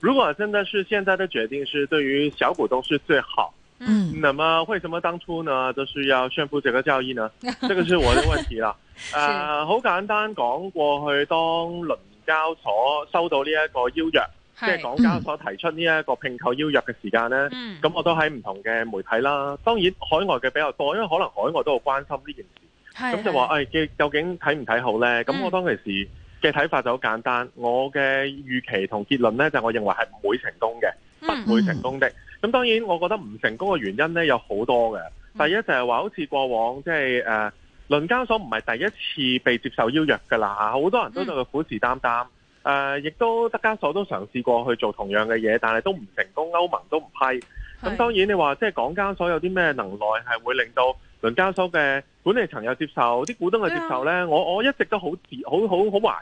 如果真的是現在的決定是對於小股東是最好，嗯，那麼為什麼當初呢，就是要宣布這個交易呢？這個是我的問題啦，誒，好簡單講過去，當倫交所收到呢一個邀約，是即係港交所提出呢一個併購邀約嘅時間咧，咁、嗯、我都喺唔同嘅媒體啦，當然海外嘅比較多，因為可能海外都好關心呢件事，咁是就話誒、哎，究竟睇唔睇好咧？咁我當其時、嗯。嘅睇法就好簡單，我嘅預期同結論呢，就係，我認為係唔會成功嘅，不會成功的。咁、嗯、當然，我覺得唔成功嘅原因呢，有好多嘅。嗯、第一就係話好似過往即係誒倫交所唔係第一次被接受邀約噶啦，好多人都對佢虎視眈眈。誒亦、嗯、呃、都德交所都嘗試過去做同樣嘅嘢，但係都唔成功，歐盟都唔批。咁是、嗯、當然你話即係港交所有啲咩能耐係會令到倫交所嘅管理層有接受，啲股東嘅接受呢，嗯、我我一直都好自好好好懷。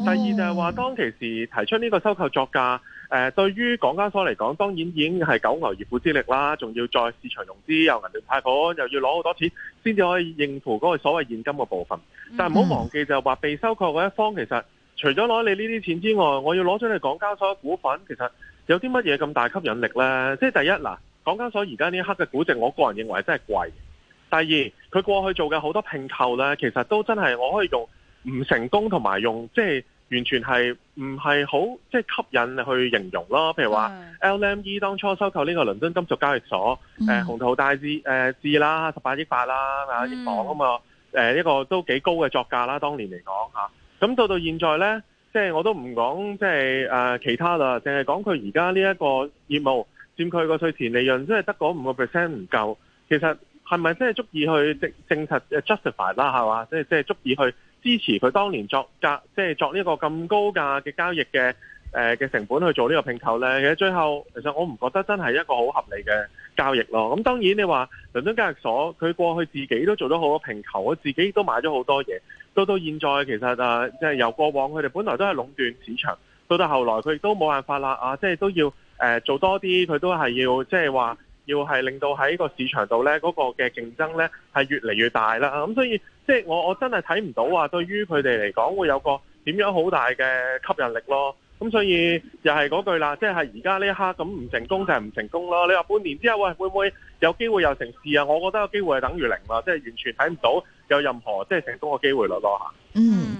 第二就係話，當其時提出呢個收購作價，誒、呃，對於港交所嚟講，當然已經係九牛二虎之力啦，仲要在市場融資，又銀聯貸款，又要攞好多錢，先至可以應付嗰個所謂現金嘅部分。但係唔好忘記就係話，被收購嗰一方其實除咗攞你呢啲錢之外，我要攞咗你港交所嘅股份，其實有啲乜嘢咁大吸引力呢？即係第一，嗱，港交所而家呢一刻嘅估值，我個人認為真係貴。第二，佢過去做嘅好多併購呢，其實都真係我可以用。唔成功同埋用即係完全係唔係好即係吸引去形容咯，譬如話 LME 當初收購呢個倫敦金屬交易所，誒，的嗯、紅頭大字誒字啦，十八億八啦，啊，億磅啊嘛，誒，呢個都幾高嘅作價啦，當年嚟講吓。咁、啊、到到現在呢，即係我都唔講即係誒、呃、其他啦，淨係講佢而家呢一個業務佔佢個稅前利潤，即係得嗰五個 percent 唔夠，其實係咪真係足以去證證實 justify 啦，係嘛？即係即係足以去。支持佢當年作價，即係作呢個咁高價嘅交易嘅誒嘅成本去做呢個拼購呢，其實最後，其實我唔覺得真係一個好合理嘅交易咯。咁當然你話倫敦交易所佢過去自己都做咗好多拼購，我自己都買咗好多嘢。到到現在其實啊，即係由過往佢哋本來都係壟斷市場，到到後來佢亦都冇辦法啦啊！即係都要誒做多啲，佢都係要即係話要係令到喺個市場度呢嗰個嘅競爭呢係越嚟越大啦。咁所以。即係我我真係睇唔到話啊，對於佢哋嚟講會有個點樣好大嘅吸引力咯。咁所以又係嗰句啦，即係而家呢一刻咁唔成功就係唔成功咯。你話半年之後，喂，會唔會有機會又成事啊？我覺得個機會係等於零啦，即係完全睇唔到有任何即係成功嘅機會咯嚇。嗯。